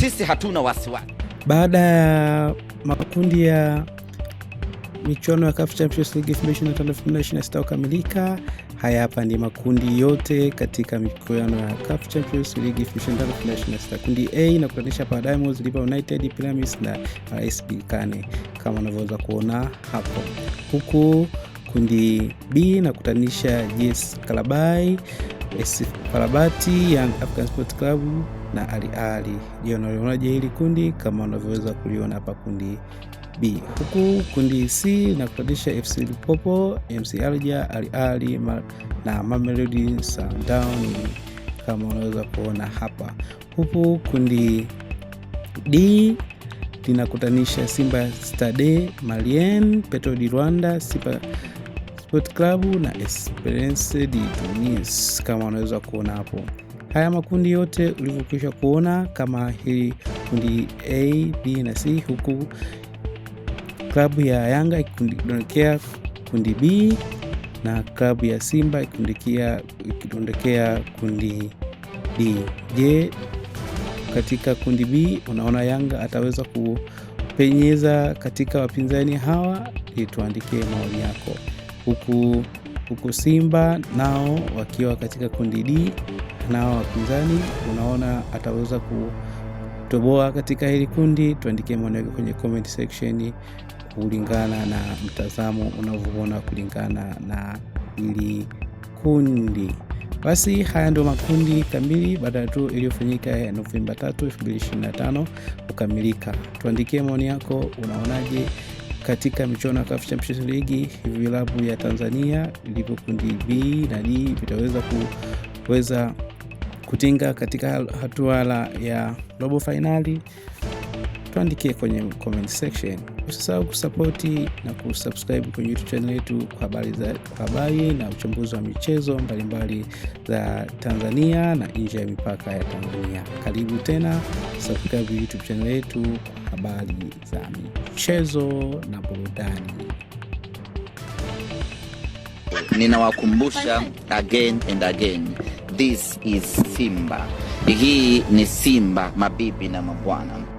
sisi hatuna wasiwasi. Baada ya makundi ya michuano ya CAF Champions League 2025-2026 kukamilika, haya hapa ni makundi yote katika michuano ya CAF Champions League 2025-2026. Kundi A inakutanisha pa Diamonds, Liverpool United, Pyramids na RS Berkane kama unavyoweza kuona hapo, huku kundi B inakutanisha JS Kalabai parabati Farabati, Young African Sports Club na Ali Ahly. Je, unalionaje hili kundi? Kama unavyoweza kuliona hapa kundi B. Huku kundi C linakutanisha FC Lupopo, MC Alger, Ali Ali na Mamelodi Sundowns kama unaweza kuona hapa. Huku kundi D linakutanisha Simba Stade Malien, Petro di Rwanda, Simba Sport Club na Esperance de Tunis, kama unaweza kuona hapo. Haya makundi yote ulivyokwisha kuona kama hili kundi A, B na C, huku klabu ya Yanga ikidondokea kundi B na klabu ya Simba ikidondokea kundi D. Je, katika kundi B unaona Yanga ataweza kupenyeza katika wapinzani hawa? Tuandikie maoni yako huku, huku Simba nao wakiwa katika kundi D, nao wapinzani unaona ataweza kutoboa katika hili kundi? Tuandikie maoni yako kwenye comment section kulingana na mtazamo unavyoona kulingana na hili kundi. Basi haya ndio makundi kamili baada ya tu iliyofanyika ya Novemba 3, 2025 kukamilika. Tuandikie maoni yako, unaonaje? Katika michuano ya CAF Champions League vilabu ya Tanzania vilivyo kundi B na D vitaweza kuweza kutinga katika hatua ya robo fainali tuandikie kwenye comment section. Usisahau kusapoti na kusubscribe kwenye YouTube channel yetu kwa habari za habari na uchambuzi wa michezo mbalimbali za Tanzania na nje ya mipaka ya Tanzania. Karibu tena, subscribe YouTube channel yetu kwa habari za michezo na burudani. Ninawakumbusha again and again, this is Simba. Hii ni Simba, mabibi na mabwana.